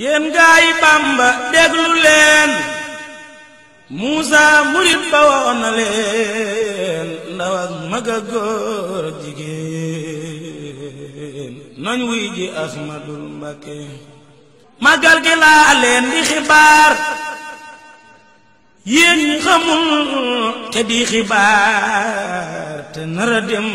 yéen gaayi bàmba déglu Muusa murit ba woon na leen ndaw mag ak góor ak jigéen nañ wuy ji Ahmadul Mbakke magal gi di xibaar yéen xamul te xibaar te nara dem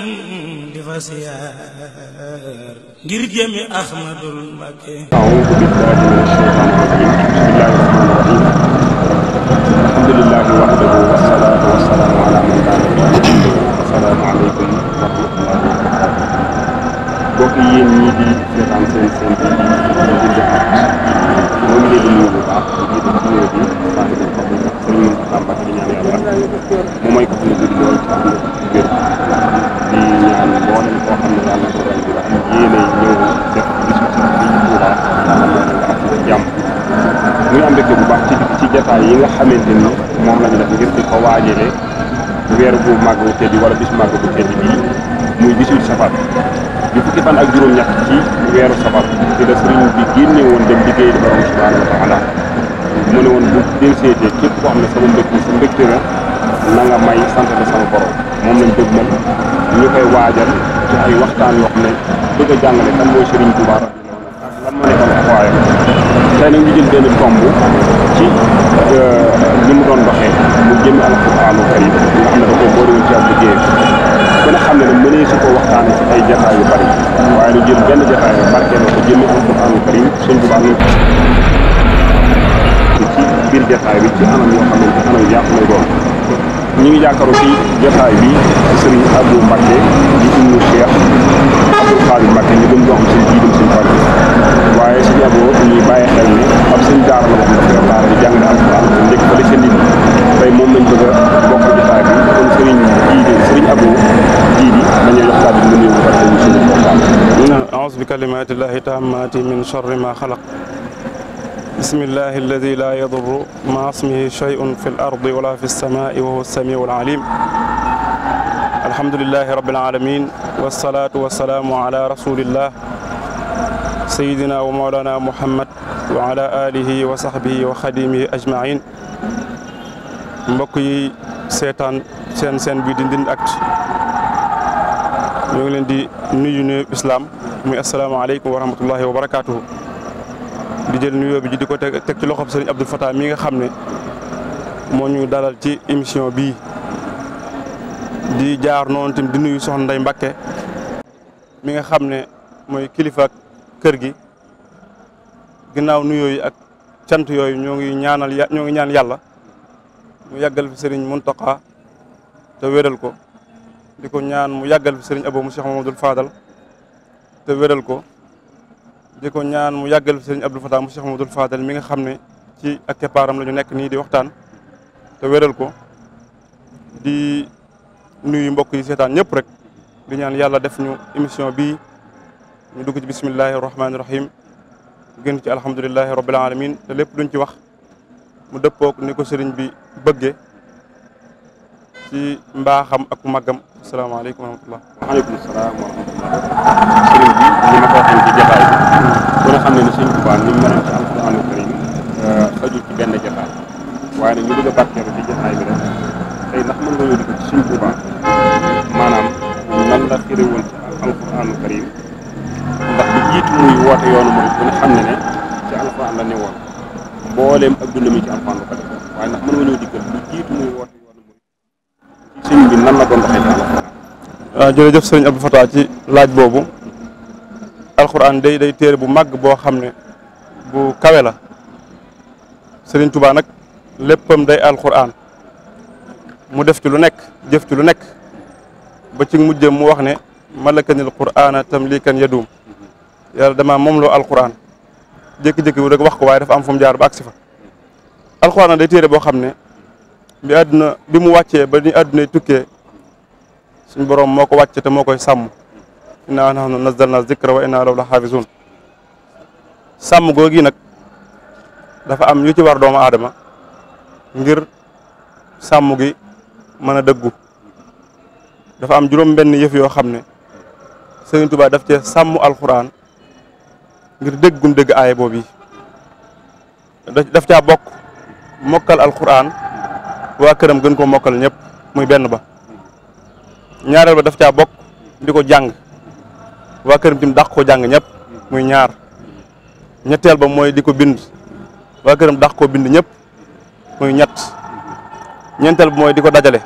di fa siyaar ngir jëmi Ahmadul Mbakke a'uuzu billaahi mina shaytaani rajiim bismillaahi rahmaani rahiim alhamdulillaahi wahdahu wassalaatu wassalaamu alaa man kaana bihi assalaamu aleykum wa rahmatullaahi wa barakaatuh bokk yéen ñii di seetaan seen seen bi di def ñoom léegi ñu bu baax jëlee weer bu màgg bu tedd wala bis màgg bu tedd bii muy bisul safar di fukki fan ak juróom-ñett ci weeru safar di la sëriñ bi génne woon dem liggéey di borom subhanahu wa taala mu ne woon bu delseetee képp koo xam ne sama mbégte sa mbégte na na may sant sama borom moom lañ dëgg moom ñu koy waajal ci ay waxtaan yoo xam ne bëgg a jàngale kan mooy sëriñ Tuubaa lan a nekkoon ak waayam tey nag ñu jël benn tomb ci euh, jëmmi alxuraanu karim nga xam ne da koo boole woon ci ab liggéey ku ne xam ne ne mënee su ko waxtaane ci ay jataay yu bari waaye lu jël benn jataay rek barke na ko jëmmi alxuraanu karim suñ bu baax ci biir jataay bi ci anam yoo xam ne ci anam yàqu lay doon ñu ngi jàkkaaroo ci jotaay bi sëriñ Abdou Mbacke di indi Cheikh Abdou Khadim Mbacke ñu gën koo xam sëñ jiitam sëñ Fàllu waaye sëñ Abdou ñuy bàyyi xel ni ab sëñ daara la wax na daara di jàng na alxuraan ndékk ba a bokk jotaay bi kon sëriñ jiidi sëriñ Abdou jiidi dañuy jox kàddu bi nga néew ba tey suñu waxtaan. auzu bi min sharri maa xalaq bismillahi alladi laa yadurru maa ismihi shay'un fi l-ardi wa laa fi s-samaa'i wa huwa s-samii'u l-'aliim alhamdulillahi rabbil aalamiin wassalaatu wassalaamu alaa rasuulillah sayyidinaa wa mawlaanaa Muhammad wa alaa aalihi wa sahbihi wa xadiimihi ajma'iin mbokk yi seetaan seen seen bii di Ndindy Actu ñoo ngi leen di nuyu nuyu islaam muy assalaamu aleykum wa rahmatullahi wa barakaatuhu di jël nuyoo bi di ko teg teg ci loxob sëriñ Abdou Fatah mi nga xam ne moo ñu dalal ci émission bii di jaar noonu di nuyu soxna Ndeye Mbakke mi nga xam ne mooy kilifa kër gi ginnaaw nuyoo yi ak cant yooyu ñoo ngi ñaanal ñoo ngi ñaan yàlla mu yàggal fi sëriñ Mountakha te wéral ko di ko ñaan mu yàggal fi sëriñ Abo mu Cheikh Mamadou Fadal te wéral ko di ñaan mu yàggal sëriñ Abdou Fatah mu Cheikh Mamadou Fadel mi nga xam ne ci ak keppaaram la ñu nekk nii di waxtaan te wéral ko di nuyu mbokk yi seetaan ñëpp rek di ñaan yàlla def ñu émission bi ñu dugg ci bismillahi rahmaani rahim gën ci alhamdulilahi rabbil alamin te lépp luñ ci wax mu dëppook ni ko sëriñ bi bëggee ci mbaaxam ak màggam asalaamaaleykum wa rahmatullah waaleykum xam ne ne sëñ Tuubaa ni mu ci alxuraanul eh, benn a barkeelu ndax mën nga maanaam nan la firi woon ci alxuraanul karim ndax bi jiitu muy woote yoonu mooy ku ne xam ne ne ci alxuraan la ne ak dund mi ci alxuraan la ko def waaye ndax mën nga ñëw dikkal bi muy woote yoonu mooy ci bi nan la doon doxee ci alxuraan. Ah, jërëjëf sëñ Abdou Fatah ci laaj boobu. alxuraan day day téere bu màgg boo xam ne bu kawe la Sëriñ Tuubaa nag léppam day alxuraan mu def ci lu nekk jëf ci lu nekk ba ci jëm mu wax ne malakanil quraana tamlikan yadum yàlla dama moom loo alxuraan jékki-jékki wu rek wax ko waaye dafa am fu mu jaar ba agsi fa alxuraan nag day téere boo xam ne bi àdduna bi mu wàccee ba ni àdduna tukkee suñ borom moo ko wàcce te moo koy sàmm innaa nahnu nazzalnaa zikra wa innaa lahu lahaafizuun sàmm googi nag dafa am yu ci war doomu aadama ngir sàmm gi mën a dëggu dafa am juróom benn yëf yoo xam ne Sëriñ Tuubaa daf cee sàmm alxuraan ngir déggum dégg aaya boobu yi daf caa bokk mokkal alxuraan waa këram gën ko mokkal ñépp muy benn ba ñaareel ba daf caa bokk di ko jàng waa kër tim dàq ko jàng ñëpp muy ñaar ñetteel ba mooy di ko bind waa këram dàq koo bind ñëpp muy ñett ñenteel ba mooy di ko dajale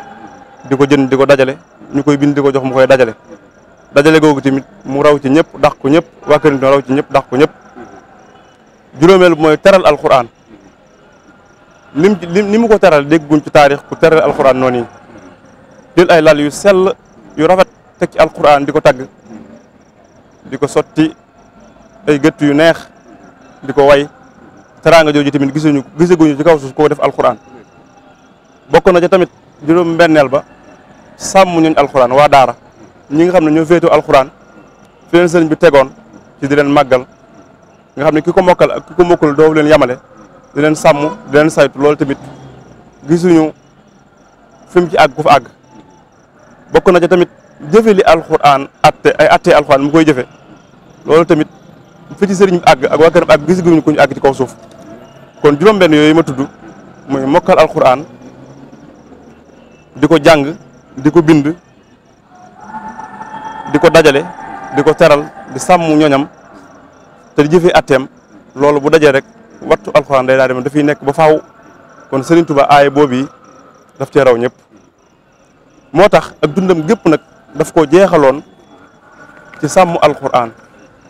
di ko jënd di ko dajale ñu koy bind di ko jox mu koy dajale dajale googu tamit mu raw ci ñëpp dàq ko ñëpp waa këram ñëpp dàq ko ñëpp juróomeel mooy teral alxuraan lim ni mu ko teral dégguñ ci taarix ku teral alxuraan noonu yi jël ay lal yu sell yu rafet teg ci alxuraan di ko tagg di ko sotti ay gëtt yu neex di ko way teraanga jooju tamit gisuñu gisaguñu ci kaw suuf koo def alxuraan bokk na ca tamit juróom mbenneel ba sàmm ñooñ alxuraan waa daara ñi nga xam ne ñoo féetu alxuraan fi leen bi tegoon ci di leen màggal nga xam ne ki ko mokkal ak ki ko mokkul leen yamale di leen sàmm di leen saytu loolu tamit gisuñu fi ci àgg ku fa àgg bokk na tamit jëfe li alxuraan ay atte alxuraan mu koy jëfe loolu tamit fi ci sëriñ bi àgg ak waa këram àgg gis guñu ko ñu kaw suuf kon juróom-benn yooyu ma tudd mooy mokkal alxuraan di ko jàng di ko bind di ko dajale di ko teral di sàmm ñoñam te di jëfee atteem loolu bu dajee rek wattu alxuraan day daal di mel nekk ba faaw kon Serigne Touba aaye boobu daf cee raw ñëpp moo tax ak dundam gépp nag daf koo jeexaloon ci sàmm alquran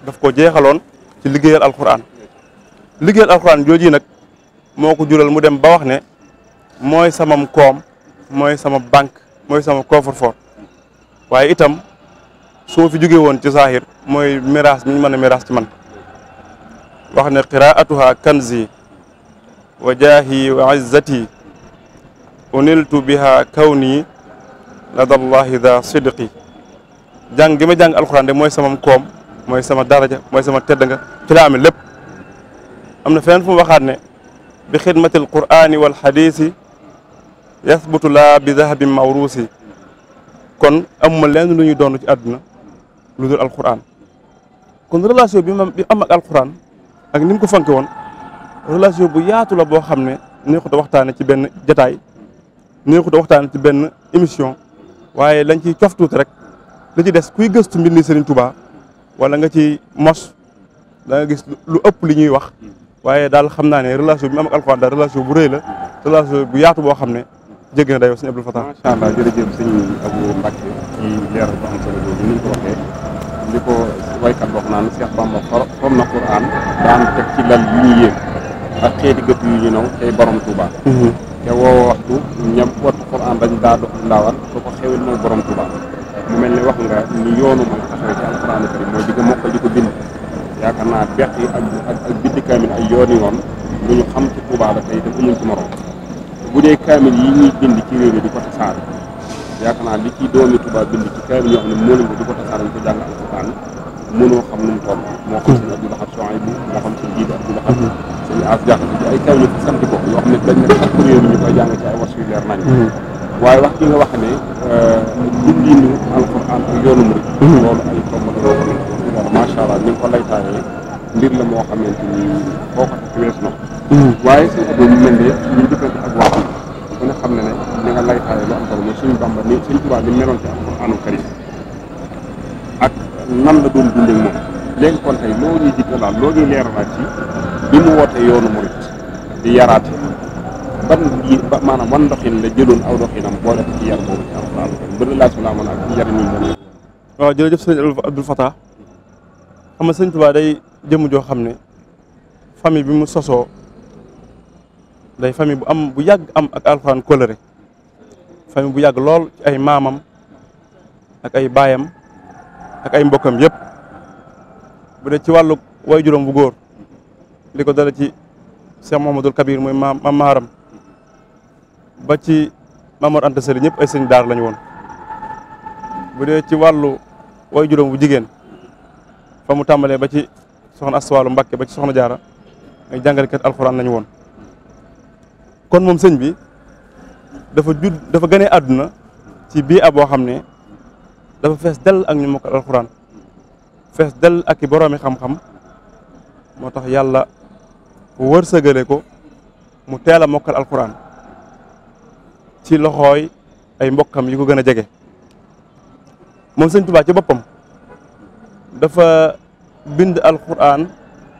daf koo jeexaloon ci liggéeyal alquran liggéeyal alquran jooju nag moo ko jural mu dem ba wax ne mooy samam koom mooy sama banque mooy sama coffre-fort waaye itam soo fi jóge woon ci saahir mooy miraas mi ñu mën a ci man wax ne qiraatuha kanzi wa jaahi wa izzati uniltu biha kawni ladallahi da sidqi jàng gi ma jàng alxuraan de mooy sama koom mooy sama daraja mooy sama tedd nga ci lépp am na feneen fu mu waxaat ne bi xidmati alqurani wal xadisi yasbutu laa bi dahabin mawruusi kon amuma lenn lu ñuy doon ci àdduna lu dul alquran kon relation bi ma bi am ak alquran ak ni mu ko fanke woon relation bu yaatu la boo xam ne neexut a waxtaane ci benn jataay neexut a waxtaane ci benn émission waaye lañ ciy cof rek li ci des kuy gëstu mbindi Serigne Touba wala nga ci mos da nga gis lu ëpp lu ñuy wax waaye daal xam naa ne relation bi mu am ak daal relation bu rëy la relation bu yaatu boo xam ne jéggi na dayoo sëñ Abdou Fatah. allah jërëjëf sëñ Abou Mbacke mm. ci leer bu li ko waykat wax naan Cheikh Bamba xorom na Qur'an daan teg ci lal yu ñu yéem ak borom Touba. Mm-hmm. xéwal mooy borom Tuubaa mu mel ni wax nga ni yoonu mën a taxawee ci alxuraanu karim mooy di ko mokkal di ko bind yaakaar naa beq yi ak ak ak bindi kaamil ay yoon yoon lu ñu xam ci Tuubaa la tey te amuñ ma morom bu dee kaamil yi ñuy bind ci réew mi di ko tasaare yaakaar naa ci doomi Tuubaa bind ci kaamil yoo xam ne mënuñ ko di ko jàng alxuraan mënoo xam nu mu toll moo xam sëñ Abdou Lahad Souhaïbou moo xam sëñ Jiidi Abdou Lahad mm-hmm. sëñ ay kaamil sant ko yoo xam ne dañ ne sax kuréel ñu koy jàng ci ay was yu nañ mm-hmm. waaye wax ki nga wax ne euh, dundinu alxuraan ak yoonu murid mhm. loolu ay la yoo allah ni nga ko laytaayee mbir la moo xamante ni mhm. waaye seen ñu ak wax yi xam ne ne ni nga laytaayee lu am solo mooy suñu bamba ni suñu tubaab ni meloon ci alxuraanu karim ak nan la doon dundee moom léegi kon tey loo ñuy jiitalaat loo ñuy leeralaat ci bi mu wootee yoonu murid di yaraate ban ji ba maanaam wan Fatah xam joo xam ne famille bi mu sosoo day famille bu am bu yàgg am ak alxuraan kóllëre famille bu yàgg lool ay maamam ak ay baayam ak ay mbokkam yëpp bu dee ci wàllu way juróom bu góor li ko dara ci Cheikh Mouhamadoul Kabir mooy maam ba ci Mamour Anta Sali ñëpp ay sëñ daar lañu woon bu dee ci wàllu way juróom bu jigéen fa mu tàmbalee ba ci soxna Astuwaalu Mbakke ba ci soxna Jaara ay jàngalekat alxuraan lañu woon kon moom sëñ bi dafa judd dafa gënee àdduna ci bii ab boo xam ne dafa fees dell ak ñu mokkal alxuraan fees dell ak i boroomi xam-xam moo tax yàlla wërsëgale ko mu teel a mokkal alxuraan ci loxooy ay mbokkam yi ko gën a jege moom sëñ Tuubaa ci boppam dafa bind alquran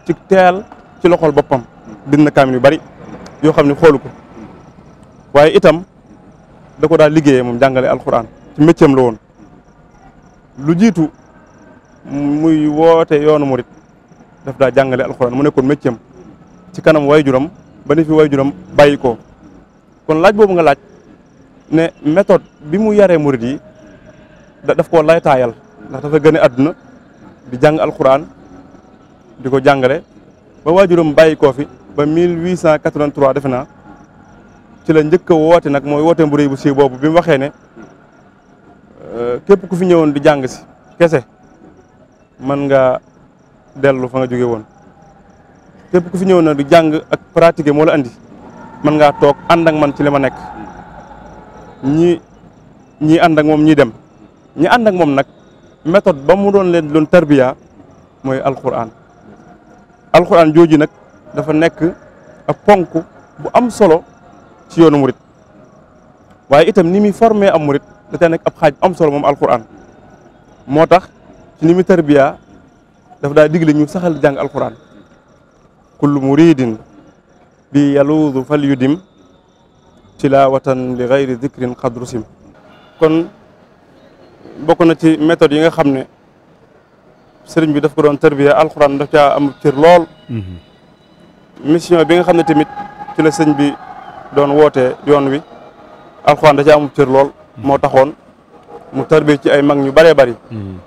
ci teel ci loxol boppam bind na kaamil yu bari yoo xam ne xoolu ko waaye itam da ko daal liggéeyee moom jàngale alquran ci mécceem la woon lu jiitu muy woote yoonu murit daf daa jàngale alquran mu nekkoon mécceem ci kanam way juram ba ni fi way juram bàyyi ko kon laaj boobu nga laaj ne méthode bi mu yaree murid yi daf koo laytaayal ndax dafa gën a àdduna di jàng alxuraan di ko jàngale ba waajuram bàyyi koo fi ba 1883 defe naa ci la njëkk a woote nag mooy woote bu bu siiw boobu bi mu waxee ne euh, képp ku fi ñëwoon di jàng si kese mën nga dellu fa nga jóge woon képp ku fi ñëwoon na di jàng ak pratiquer moo la andi mën ngaa toog ànd ak man ci li ma nekk ñi ñi ànd ak moom ñi dem ñi ànd ak moom nag méthode ba mu doon leen doon tarbiya mooy alquran alquran jooju nag dafa nekk ab ponk bu am solo ci yoonu murit waaye itam ni muy formé am murit da tey nekk ab xaaj am solo moom alquran moo tax ci ni muy tarbiya dafa daa digle ñu saxal jàng alquran kullu muridin bi yaluudu fal yudim ci tilaawatan li gayri dikrin xadru sim kon bokk na ci méthode yi nga xam ne sëriñ bi daf ko doon tarbiya alxuraan daf caa am cër lool mhm. bi nga xam ne tamit ci sëñ bi doon wootee yoon wi alxuraan da caa am cër lool mhm. moo taxoon mu tarbiya ci ay mag ñu bëree bëri mhm.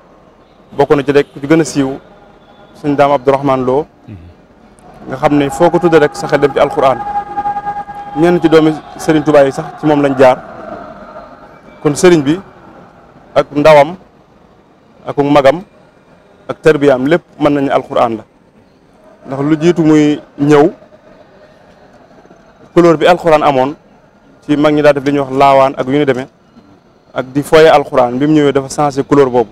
bokk na ci rek ku ci gën a siiw sëñ daam Abdourahman Lo nga xam ne foo ko tudde rek sa xel dem ci alxuraan ñenn ci doomi sëriñ Touba yi sax ci moom lañ jaar kon sëriñ bi ak ndawam ak magam ak tarbiyaam lépp mën nañu alxuraan la ndax lu jiitu muy ñëw couleur bi alxuraan amoon ci mag ñi daa def li wax laawaan ak yu ñu demee ak di foye alxuraan bi mu ñëwee dafa changé couleur boobu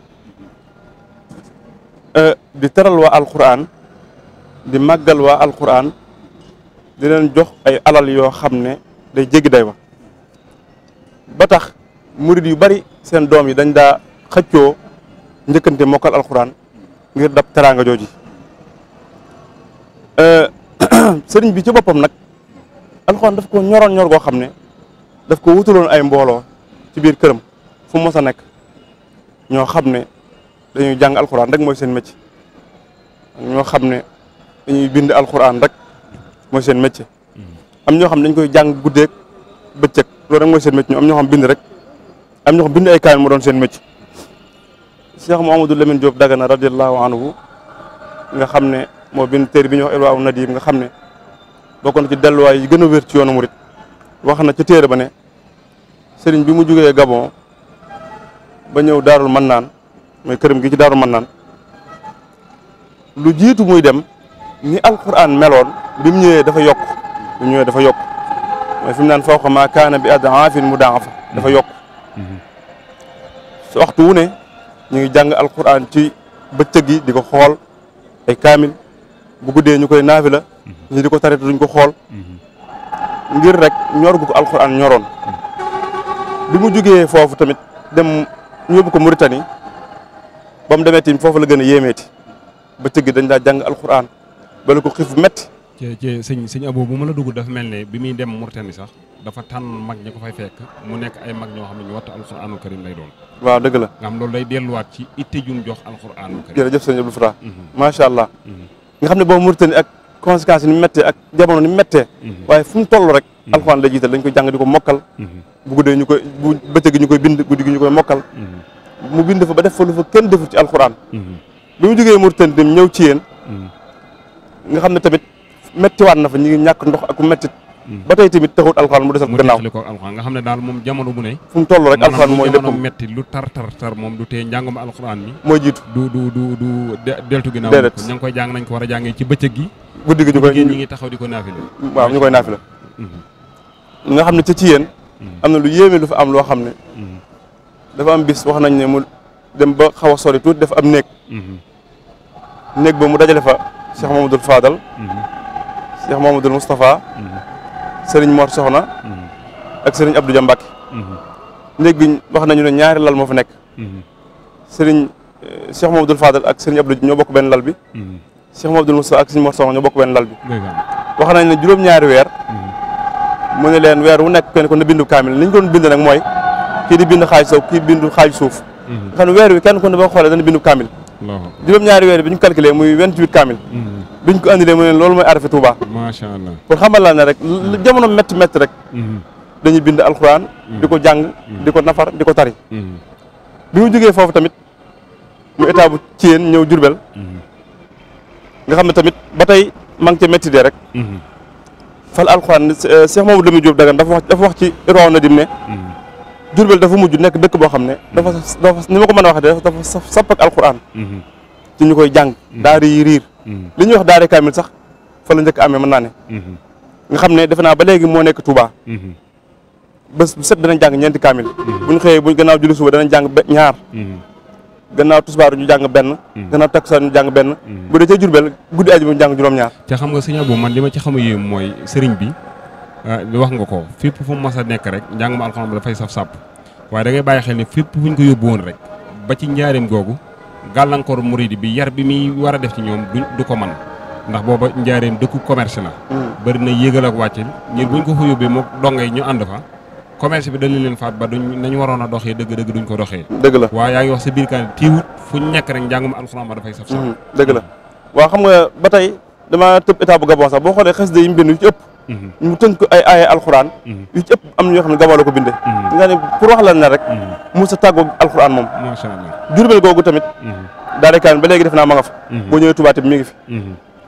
euh, di teral waa alxuraan di màggal waa alxuraan di leen jox ay alal yoo xam ne day jéggi day wa ba tax murid yu bari seen doom yi dañ daa xëccoo njëkkante mokkal alxuraan ngir dab teraanga jooji euh, sëriñ bi ci boppam nag alxuraan daf ko ñoroon ñor goo xam ne daf ko wutuloon ay mbooloo ci biir këram fu mos a nekk ñoo xam ne dañuy jàng alxuraan rek mooy seen métier ñoo xam ne dañuy bind alxuraan rek mooy seen métier am ñoo xam dañ koy jàng guddeeg bëccëg loolu rek mooy seen métier am ñoo xam bind rek am ñoo xam bind ay kaamil moo doon seen métier Cheikh Mouhamadou Lamine Diop Dagana radiyallahu anhu nga xam ne moo bind téere bi ñuy wax Irwaa Nadim nga xam ne bokk na ci delluwaay yi gën a wér ci yoonu murit wax na ci téere ba ne sëriñ bi mu jugee Gabon ba ñëw Daarul Mannaan mooy këram gi ci Daarul Mannaan lu jiitu muy dem ni alquran meloon bi mu ñëwee dafa yokk bi mu ñëwee dafa yokk mooy fi mu naan fawqa ma kaana bi ad'aafin mudaafa dafa yokk su waxtu wu ne ñu jàng jàng alquran ci bëccëg yi di ko xool ay kaamil bu guddee ñu koy naafi la ñi di ko tarit duñ ko xool ngir rek ñor gu ko alquran ñoroon bi mu jugee foofu tamit dem ñu yóbbu ko Mauritanie ba mu demee tamit foofu la gën a yéemeeti bëccëg yi dañ daa jàng alquran bala ko xiif metti ci sëñ sëñ Abo bu ma la dugg dafa mel ne bi muy dem Mauritanie sax dafa tànn mag ñi ko fay fekk mu nekk ay mag ñoo xam ne ñu wattu alxuraanul karim lay doon waaw dëgg la nga xam loolu day delluwaat ci itte jum jox alxuraanul karim jërëjëf sëñ Abdou Fra mhm. macha allah mhm. nga xam ne boobu Mauritanie ak conséquence ni méttee ak jamono ni méttee mhm. waaye fu mu toll rek alxuraan la jiital dañ koy jàng di ko mokkal bu guddee ñu koy bëccëg ñu koy bind guddi gi ñu koy mokkal mu bind fa ba def fa lu fa kenn defut ci alxuraan bi mu jógee Mauritanie dem ñëw ci yéen nga xam ne tamit méttiwaat na fa ñu ngi ñàkk ndox ak métti hmm. ba tey tamit taxut alxuraan mu desal ko mu desal ko alxuraan nga xam ne daal moom jamono bu ne fu mu toll rek alxuraan mooy lépp jamono metti lu tar tar tar moom du tee njàngum alxuraan mi mooy jiitu du du du du deltu ginnaaw déedéet ña ngi koy jàng nañ ko war a jàngee ci bëccëg gi gi ñu koy di ko naafila waaw ñu koy naafila hmm. nga xam ne te ci yéen hmm. am na lu yéeme lu fa am loo xam ne dafa am bis wax nañ ne mu dem ba xaw a sori tuuti dafa am néeg néeg ba mu dajale fa Cheikh Mamadou Fadal. Cheikh Mamadou Moustapha. sëriñ Mor Soxna. ak sëriñ Abdou Dia Mbacke. néeg bi wax nañu ne ñaari lal moo nekk. Serigne euh, Cheikh Mamadou Fadal ak Serigne Abdou ñoo bokk benn lal bi. Cheikh Mamadou Moustapha ak Serigne Mor Soxna ñoo bokk benn lal bi. wax nañ ne juróom-ñaari weer. mu ne leen weer wu nekk kenn ko na bindu kaamil li ñu doon bind nag mooy kii di bind xaaj sow kii bind xaaj suuf. nga xam ne weer wi kenn ko ne boo xoolee dana bindu kaamil. juróom-ñaari weer bi ñu calculé muy 28 kaamil mm-hmm. biñ ko andilee mu ne loolu mooy arafi Touba macha allah pour xamal la ne rek jamono métti métti rek mm-hmm. dañuy bind alxuraan mm-hmm. di ko jàng di ko nafar di ko tari bi mu jógee foofu tamit mu état bu Thiène ñëw Jurbel nga xam ne tamit ba tey maa ngi ca métti dee rek fal alxuraan Cheikh Mamadou Lamine Diop Dagana dafa wax dafa wax ci roon na dim ne Jurbel dafa mujj nekk dëkk boo xam ne dafa dafa ni ma ko mën a waxee dafa saf sapp ak alquran mhm. ci ñu koy jàng mhm. daari yi riir mhm. li ñuy wax daari kaamil sax fa la njëkk amee mën naa ne nga xam ne defe naa ba léegi moo nekk Touba ba bu set danañ jàng ñeenti kaamil buñ xëyee buñ gannaaw julli suba danañ jàng ñaar gannaaw tusbaar ñu jàng benn gannaaw takkusaan ñu jàng benn bu dee ca Jurbel guddi aji bi ñu jàng juróom-ñaar te xam nga sëñ Abou man li ma ci xam a mooy sëriñ bi Ah, wax nga ko fépp fu mu mas a nekk rek njàng ma alxuraan dafay saf sàpp waaye fu ñu bi yar bi muy war a def ci ñoom du ko man ndax booba njaareem dëkku commerce la hmm. bëri na yéegal ak wàccil ñun ko fa yóbbee mook donga yi ñu ànd fa commerce bi dañu leen faat ba duñ waroon a doxee dëgg-dëgg ko doxee dëgg la waaye yaa ngi wax nekk rek njàngum alxuraan ma dafay saf saf hmm. dëgg la waaw xam nga ba tey dama tëb état bu sax boo xoolee xes de yi mu bind ci ëpp mu tënk ay ay alxuraan mm-hmm. yu ci ëpp am ñoo xam ne gabaa ko bindee mm-hmm. nga ne pour wax la ne rek mm-hmm. Moussa tàggoo alxuraan moom macha googu tamit daara kaan ba léegi def naa ma nga fa boo ñëwee Tuubaa tamit mi ngi fi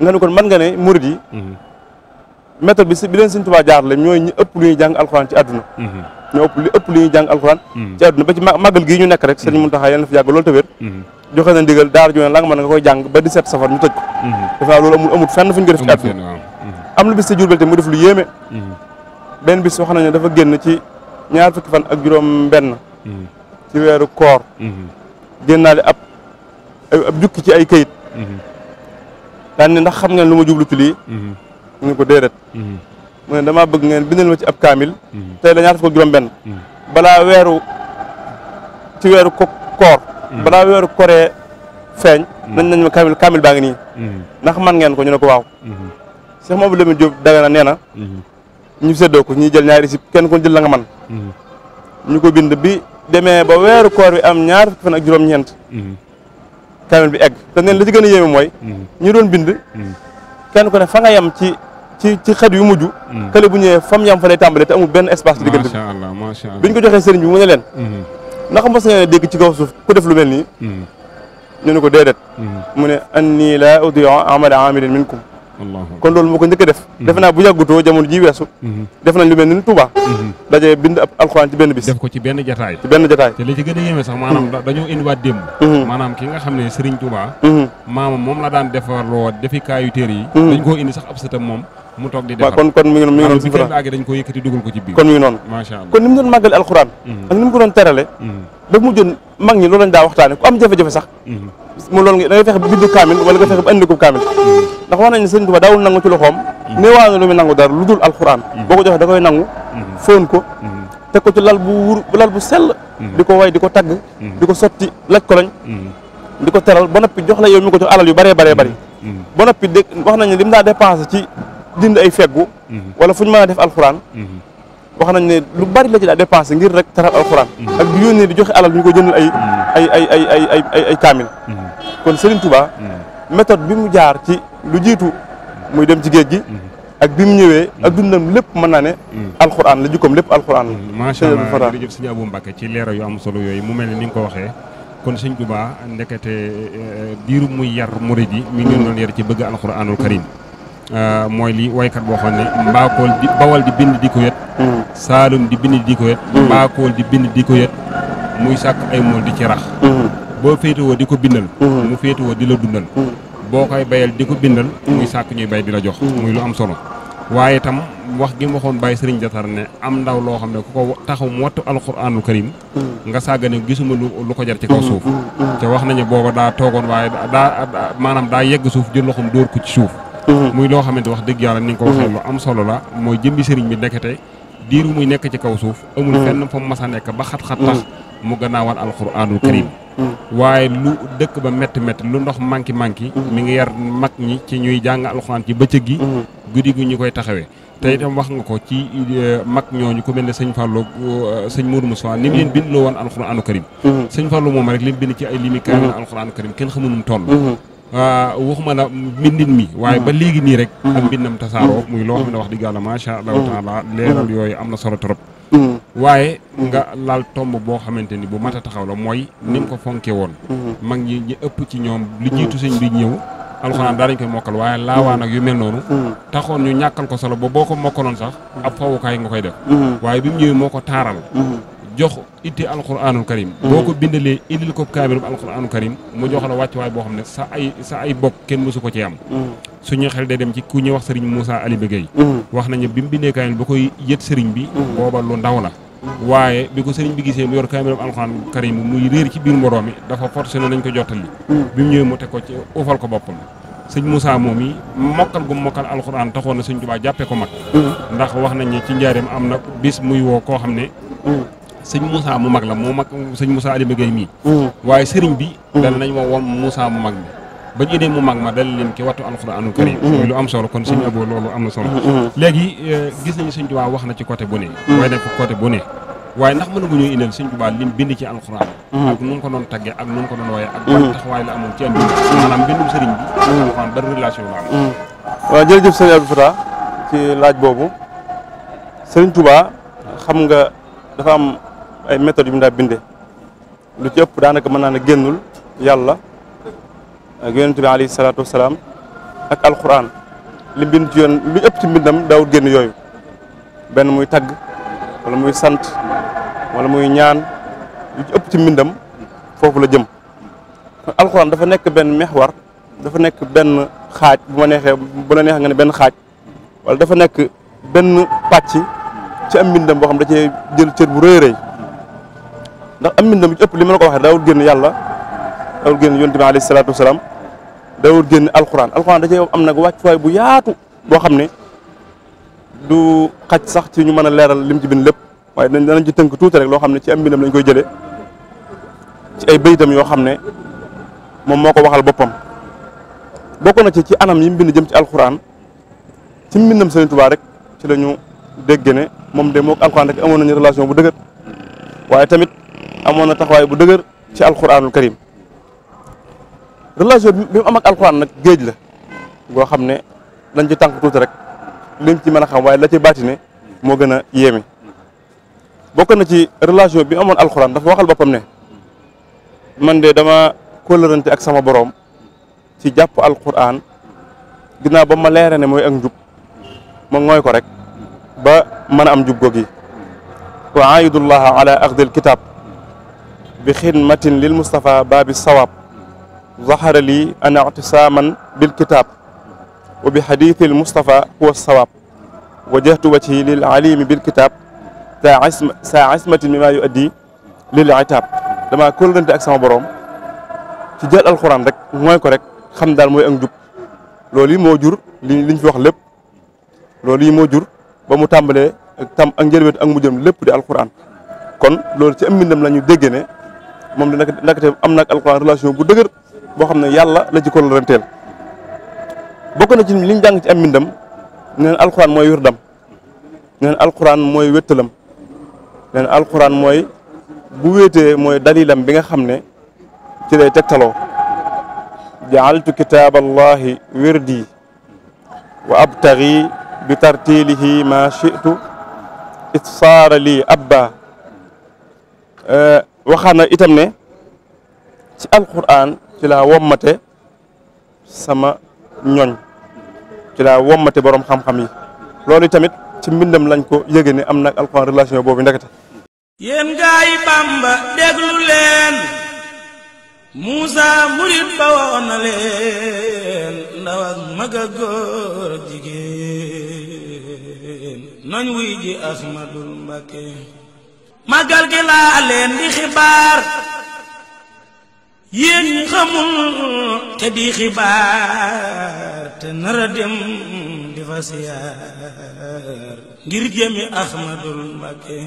nga ne kon man nga ne murid yi méthode bi bi leen Sëñ Tuubaa jaarale ñooy ñu ëpp lu ñuy jàng alxuraan ci àdduna ñoo nekk rek Sëñ Muntaxa yal na fi loolu te wér joxe na ndigal daara ju ne la nga mën nga koy jàng ba 17 safar ñu tëj dafa loolu amul amul fenn fu ñu ko def ci àdduna am na bis sa te mu def lu yéeme. benn bis wax nañu dafa génn ci ñaar fa fan ak juróom-benn. ci weeru koor. génnaale ab ab jukki ci ay kayit. daan ndax xam ngeen lu ma jublu ci lii. mu ne ko déedéet. mu ne damaa bëgg ngeen bindal ma ci ab kaamil. tey la ñaar fukk ak juróom-benn. balaa weeru ci weeru ko koor. balaa weeru koree feeñ. nañ nañ ma kaamil kaamil baa ngi nii. ndax man ngeen ko ñu ne ko waaw. Cheikh Mamadou Lamine Diop Dagana nee na mhm. ñu séddoo ko ñuy jël ñaari récipients kenn ku jël la nga man mhm. ñu ko bind bi demee ba weer koor bi am ñaar fukki fan ak juróom-ñeent mhm. kaamil bi egg te neen la ci gën a yéeme mooy ñu doon bind kenn ko ne fa nga yem ci ci ci xët yu mujj bu ñëwee fam yam fa lay tàmbalee te amul benn espace ci diggante bi biñ ko joxee sëriñ bi mu ne leen ndax mos ngeen dégg ci kaw suuf ku def lu mel nii ñu ne ko déedéet mu ne an nii la audio amala amilin minkum kon loolu moo ko njëkk a def mhm. defe naa bu yàggutoo jamono ji weesu mhm. def nañ lu mel ni Touba mhm. daje bind ab alxuraan ci benn bis def ko ci benn jataay te li ci gën a yéeme sax maanaam dañoo indiwaat démb maanaam ki nga xam ne Serigne Touba maama moom la daan defarloo defikaayu téere yi dañ koo indi sax ab sëtam moom mu toog di defar kon kon mi ngi noonu mi ngi noonu àggee dañ ko yëkkati dugal ko ci biir kon mi noonu kon ni mu doon màggale alxuraan ak ba mujjoon mag ñi loolu lañ daa waxtaane ku am jafe-jafe sax mu loolu nga da ngay fexe bi bindu kaamil wala nga fexe bi andi ko kaamil ndax wax nañ ne sëñ Tuubaa daawul nangu ci loxoom néewaa na lu muy nangu dara lu dul alxuraan boo ko joxee da koy nangu fóon ko teg ko ci lal bu wur lal bu sell di ko way di ko tagg di ko sotti laj ko lañ di ko teral ba noppi jox la yow mi ko jox alal yu bëree bëree bëri ba noppi dé wax nañ ne li dépensé ci dind ay feggu wala fu ñu mën a def alxuraan wax nañ ne lu bari la ci daa dépensé ngir rek taral alxuraan mm-hmm. ak di yónnee di joxe alal ñu ko jëndal ay mm-hmm. ay ay ay ay ay ay ay mm-hmm. kon Serigne Touba méthode bi mu jaar ci lu jiitu muy dem ci géej gi ak bi mu ñëwee ak dundam lépp mën naa ne alxuraan la jikkoom lépp alxuraan la macha allah si sëñ Abou Mbacke ci leera yu am solo yooyu mu mel ni ni nga ko waxee kon sëñ Touba ndekete eh, diiru muy yar mu yi mi ngi yar ci bëgg alxuraanul karim euh, mooy li waykat boo xam ne mbaakool saalum di bind di ko yet hmm. mbaakool di bind di ko yet muy sàkk ay mool di ci hmm. boo boo woo di ko bindal hmm. mu féetewoo di la dundal boo koy bayal di ko bindal muy sàkk ñuy bay di la jox muy lu am solo waaye tam wax gi ma waxoon bàyyi sëriñ jatar ne am ndaw loo xam ne ku ko taxaw mu wattu alxuraanul karim nga sàggane gisuma lu ko jar ci kaw suuf te wax nañu booba daa toogoon waaye daa maanaam daa yegg suuf jël loxoom dóor ko ci suuf muy loo xamante wax dëgg yàlla ni ko waxee am solo la mooy jëmbi sëriñ bi ndekete diiru muy nekk ci kaw suuf amul hmm. fenn fa mu mas a nekk ba xat-xat hmm. tax mu gannaawal alxuraanul karim hmm. waaye lu dëkk ba metti métti lu ndox manki manki mi ngi yar mag ñi ci ñuy jàng alxuraan ci bëccëg gi guddi gi ñu koy taxawee tey itam wax nga ko ci euh, mag ñooñu ku mel ne sëñ Fallou euh, sëñ Mourou Moussa ni mu leen bindloo woon alxuraanu karim sëñ Fallou moom rek leen bind ci ay limi kaamil alxuraanu karim kenn xamunum toll Ah, ma na mbindin mi waaye ba hmm. léegi nii rek ak hmm. mbindam tasaaroo muy loo xam hmm. wax dëgg yàlla macha allahu taala leeral yooyu am na solo trop waaye nga laal tomb boo xamante ni bu mat taxaw la mooy ni ko fonke woon mag ñi ñi ëpp ci ñoom li jiitu sëñ bi ñëw alxuraan daa dañ koy mokkal waaye laawaan ak yu mel noonu taxoon ñu ñàkkal ko solo ba boo ko mokkaloon sax ab fawukaay nga koy def waaye bi mu ñëwee moo ko taaral jox itti alquranul karim boo ko bindalee indil ko kaamirum alquranul karim mu jox la waay boo xam ne sa ay sa ay bokk kenn mësu ko ci am suñu xel day dem ci ku ñuy wax sëriñ Moussa Ali Gueye wax nañu bi mu bindee kaamil ba koy yët sëriñ bi booba lu ndaw na waaye bi ko sëriñ bi gisee mu yor kaamiram alxuraan karim muy réer ci biir mbooloo mi dafa forcé ne nañ ko jottali bi mu ñëwee mu te ko ci uufal ko boppam sëñ Moussa moom yi mokkal gu mokkal alxuraan taxoon na sëñ Tuubaa jàppee ko mag ndax wax nañ ne ci njaareem am na bis muy woo koo xam ne sëñ Moussa mu mag la moo mag sëñ Moussa Alioune Gueye mii. Hmm. waaye sëriñ bi. Hmm. dal nañ ma woon Moussa mu mag mi. ba ñu mu mag ma dal leen ki wattu alxuraanu karim hmm. lu am solo kon sëñ Abo na solo. léegi euh, gis nañu sëñ Tuubaa wax na ci côté bu ne. waaye ndax mën nga sëñ Tuubaa lim bind ci alxuraan. ak nu mu ko doon tàggee ak nu mu ko doon wooyee. ak ban taxawaay la amoon ci ànd bi. maanaam bindum sëriñ bi. alxuraan ban relation la am. waaw jërëjëf sëñ Abdou Fatah ci laaj boobu sëriñ Tuubaa xam nga dafa am ay méthodes yu mu daa bindee lu ci ëpp daanaka mën naa ne génnul yàlla ak yonent bi alayhi salaatu wasalaam ak alquran li mbind ci yoon lu ëpp ci mbindam daawul génn yooyu benn muy tagg wala muy sant wala muy ñaan lu ci ëpp ci mbindam foofu la jëm kon alquran dafa nekk benn mexwar dafa nekk benn xaaj bu ma neexee bu la neexee nga ne benn xaaj wala dafa nekk benn pàcc ci am mbindam boo xam da cee jël cër bu rëy rëy ndax am mbindam ci ëpp li ma la ko waxee daawul génn yàlla daawul génn yonent bi alayhi salaatu génn alxuraan alxuraan da cee am nag wàccuwaay bu yaatu boo xam ne du xaj sax ci ñu mën a leeral lim ci bind lépp waaye danañ ci tënk tuuti rek loo xam ne ci am mbindam lañ koy jëlee ci ay béytam yoo xam ne moom moo ko waxal boppam bokk na ci ci anam yi mu bind jëm ci alxuraan ci mbindam Sëriñ Tuubaa rek ci lañu ñu ne moom de moog alxuraan rek amoon nañu relation bu dëgër amoon na taxawaay bu dëgër ci alxuraanul karim relation bi mu am ak nag géej la goo xam ne dañ ci tànk tuuti rek lim ci mën a xam waaye la ci baatine moo gën a yéeme bokk na ci relation bi amoon alxuraan dafa waxal boppam ne man de dama kóllërante ak sama boroom ci jàpp alxuraan ginnaaw ba ma leere ne mooy ak njub ma ngooy ko rek ba mën a am njub googi wa aayidullaha ala axdil kitab bi xidmatin lil Moustapha baabi sawaab zahara lii ana ictisaaman bil kitaab wa bi xadiisil Moustapha huwa sawaab wajjahtu wajhi lil alimi bil kitaab saa isma saa ismatin mi maa yu addi lil itaab damaa kóllante ak sama borom ci jël alxuraan rek mooy ko rek xam daal mooy ak njub loolu yi moo jur liñ fi wax lépp loolu yi moo jur ba mu tàmbalee tam ak njëlbeen ak mujjam lépp di alxuraan kon loolu ci am mbindam lañu ñu moom di ndakate am na ak alxuraan gu bu dëgër boo xam ne yàlla la ci ko renteel bokk na ci liñ jàng ci am mbindam neen alxuraan mooy wirdam neen alxuraan mooy wéttalam neen mooy bu wéetee mooy dalilam bi nga xam ne ci lay tegtaloo jaaltu kitaab allahi wirdi wa abtagi bi tartilihi ma shitu it saara lii abba waxaat na itam ne ci alquran ci laa wommate sama ñoñ ci laa wommate borom xam-xam yi loolu tamit ci mbindam lañ ko yëge ne am nag alquran relation boobu ndekete yéen gaa yi déglu leen Muusa murit ba woon leen ndaw ak mag ak jigéen nañ wuy ji Ahmadul Mbakke magal gi laa leen di xibaar yéen ñi xamul te di xibaar te nar a dem di fa siyaar ngir jëmi Ahmadul Mbakke